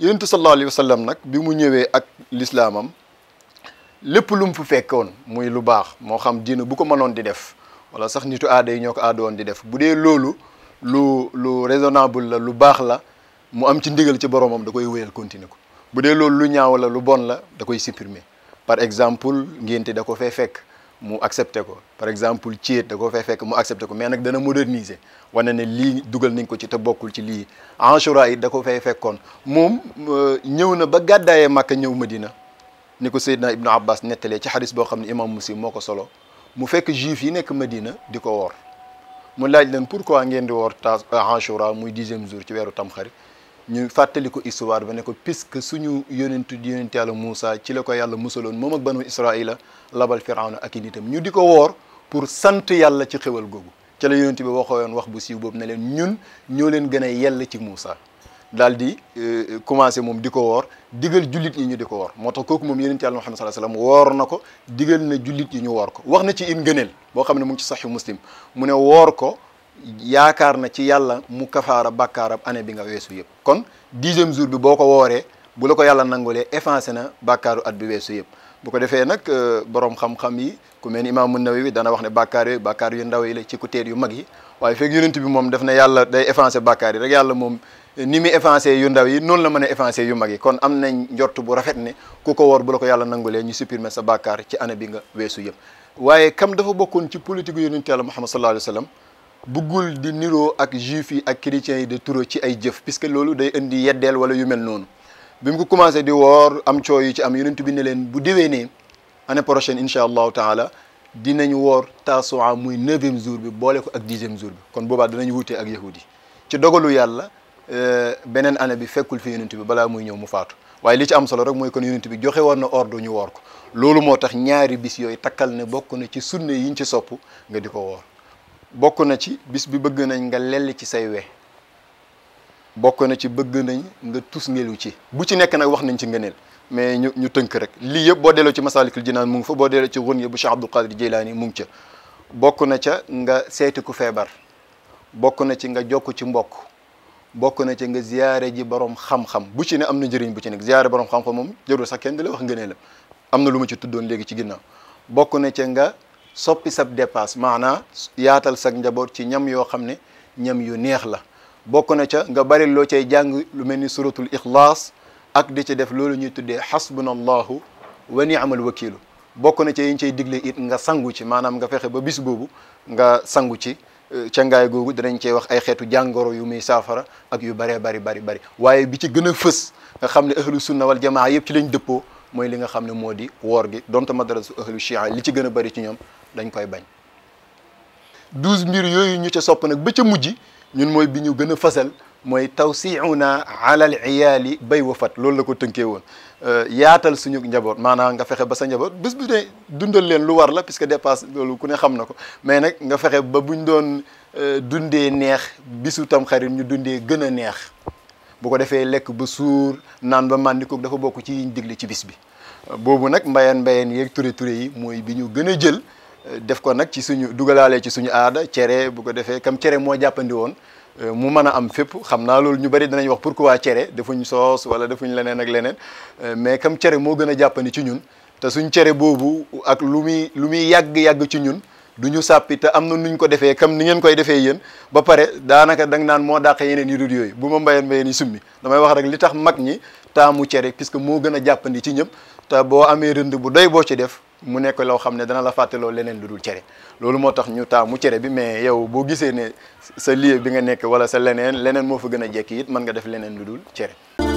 yonent sallallahu alayhi wa sallam nag bi mu ñëwee ak lislaamam lépp lu fu fekkoon muy lu baax moo xam diina bu ko mënoon di def wala sax nitu aada yi ñoo ko aada woon di def bu dee loolu lu lu raisonnable la lu baax la mu am ci ndigal ci boromam da koy wéyal continuer ko bu dee loolu lu ñaaw la lu bon la da koy supprimer par exemple ngénte da ko fee fekk mu accepté ko par exemple Thiès da ko fay fek mu accepté ko mais nag dana moderniser wane ne lii dugal nañ ko ci te bokul ci li Ashura yi da ko fay fekkoon mom euh, ñëw na ba gadaye Makka ñew medina niko ko Ibnu Abbas netele ci hadith bo xamni imam Muslim moko ko solo mu fekk juif yi nek medina diko wor mu laaj leen pourquoi ngeen di wor ta euh, muy 10e jour ci weeru Tamxarit ñu fàttali ko histoire ba ne ko puisque suñu yonentu yonent yàlla Moussa ci la ko yàlla musaloon moom ak banu la labal Firawna ak i nitam ñu di ko woor pour sant yàlla ci xéwal googu ci la yonent bi waxoon wax bu siiw boobu ne leen ñun ñoo leen gën a yell ci Moussa daal di euh, commencé moom di ko woor digal jullit yi ñu di ko woor moo tax kooku moom yonent yàlla Muhammad sallallahu alayhi wasallam woor na ko digal na jullit yi ñu woor ko wax na ci im gëneel boo xam ne mu ngi ci Sahih Muslim mu ne yaakaar na ci yàlla mu kafaara bàkkaarab année bi nga weesu yëpp kon dixième jour bi boo ko wooree bu la ko yàlla nangulee effacé na bàkkaaru at bi weesu yëpp bu ko defee nag euh, borom xam-xam yi ku mel ni imaamu Nawawi dana wax ne bàkkaar yooyu bàkkaar yu ndaw yi la ci ku teet yu mag yi waaye fekk yonent bi moom daf ne yàlla day effacé bàkkaar yi rek yàlla moom eh, ni mu effacé yu ndaw yi noonu la mën a effacé yu mag yi kon am nañ njort bu rafet ne ku ko woor bu la ko yàlla nangulee ñu supprimer sa bàkkaar ci année bi nga weesu yëpp waaye kam dafa bokkoon ci politique yonent yàlla Muhammad sallallahu alayhi wa buggul di niroo ak juifs yi ak chrétiens yi de turo ci ay jëf que loolu day indi yeddeel wala yu mel noonu bi mu ko commencé di woor am coow yu ci am yonent bi ne leen bu déwénee année prochaine incha allahu taala dinañ woor taasuwaa muy neuvième jour bi boole ko ak dixième jour bi kon boobaa dinañ wutee ak yahud yi ci dogalu yàlla euh, beneen année bi fekkul fi yonent bi balaa muy ñëw mu faatu waaye li ci am solo rek mooy kon yonent bi joxe woon na ordre ñu woor ko loolu moo tax ñaari bis yooyu takkal ne bokk na ci sunne yiñ ci sopp nga di ko woor bokk na ci bis bi bëgg nañ nga lell ci say we bokk na ci bëgg nañ nga tus ngelu ci bu ci nekk nag wax nañ ci ngëneel mais ñu ñu tënk rek lii yëpp boo delloo ci masalikul jinaan mu ngi fa boo delloo ci run bu Cheikh Abdul Qadir Jeylaani mu ngi ca bokk na ca nga seeti ku feebar bokk na ci nga jokk ci mbokk bokk na ci nga ziyaare ji borom xam-xam bu ci ne am na njëriñ bu ci nekk ziyaare borom xam-xam moom jërul sax kenn di la wax ngëneelam am na lu ma ci tuddoon léegi ci ginnaaw bokk na ca nga soppi sab dépasse maanaa yaatal sag njaboot ci ñam yoo xam ne ñam yu neex la bokk na ca nga bari loo cay jàng lu mel ni suratul ixlaas ak di ci def loolu ñuy tuddee xasbunallahu wa ni'mal wakiilu bokk na ca yi ñu cay digle it nga sangu ci maanaam nga fexe ba bis boobu nga sangu ci euh, cangaay googu danañ cee wax ay xeetu jàngoro yu muy saafara ak yu bëree bari bari bari waaye bi ci gën a fës nga xam ne ahlu sunna wal jamaa yëpp ci lañ dëppo mooy li nga xam ne moo di woor gi donte madrasu ahlu chia li ci gën a bari ci ñoom dañ koy bañ douze mbir yooyu ñu ca sopp nag ba ca mujj ñun mooy bi ñu gën a fasal mooy tawsiuna ala al iyaali bay wa fat loolu la ko tënkee woon euh, yaatal suñu njaboot maanaam nga fexe ba sa njaboot bés bu ne dundal leen lu war la puisque dépasse loolu ku ne xam na ko mais nag nga fexe ba buñ doon euh, dundee neex bisu tam xarit ñu dundee gën a neex bu ko defee lekk ba suur naan ba màndikoog dafa bokk ci yiñ ci bis bi euh, boobu nag mbayeen mbayeen yeeg ture ture yi mooy bi ñu gën a jël def ko nag ci suñu dugalaale ci suñu aada cere bu ko defee comme cere moo jàppandi woon euh, mu mën a am fépp xam naa loolu ñu bari dinañ wax pour waa cere defuñ soos wala defuñ leneen ak leneen euh, mais comme cere moo gën a jàppandi ci ñun te suñ cere boobu ak lu muy lu muy yàgg-yàgg ci ñun du ñu sàppi te am na nuñ ko defee comme ni ngeen koy defee yéen ba pare daanaka dang naan moo dàq yeneen yu dul yooyu bu ma mbayeen mbayeen yi summi damay wax rek li tax mag ñi taamu cere puisque moo gën a jàppandi ci ñëpp te boo amee rënd bu day boo ci def mu nekk loo xam ne dana la fàttaloo leneen lu dul cere loolu moo tax ñu taamu cere bi mais yow boo gisee ne sa lieu bi nga nekk wala sa leneen leneen moo fa gën a jekki it mën nga def leneen lu dul cere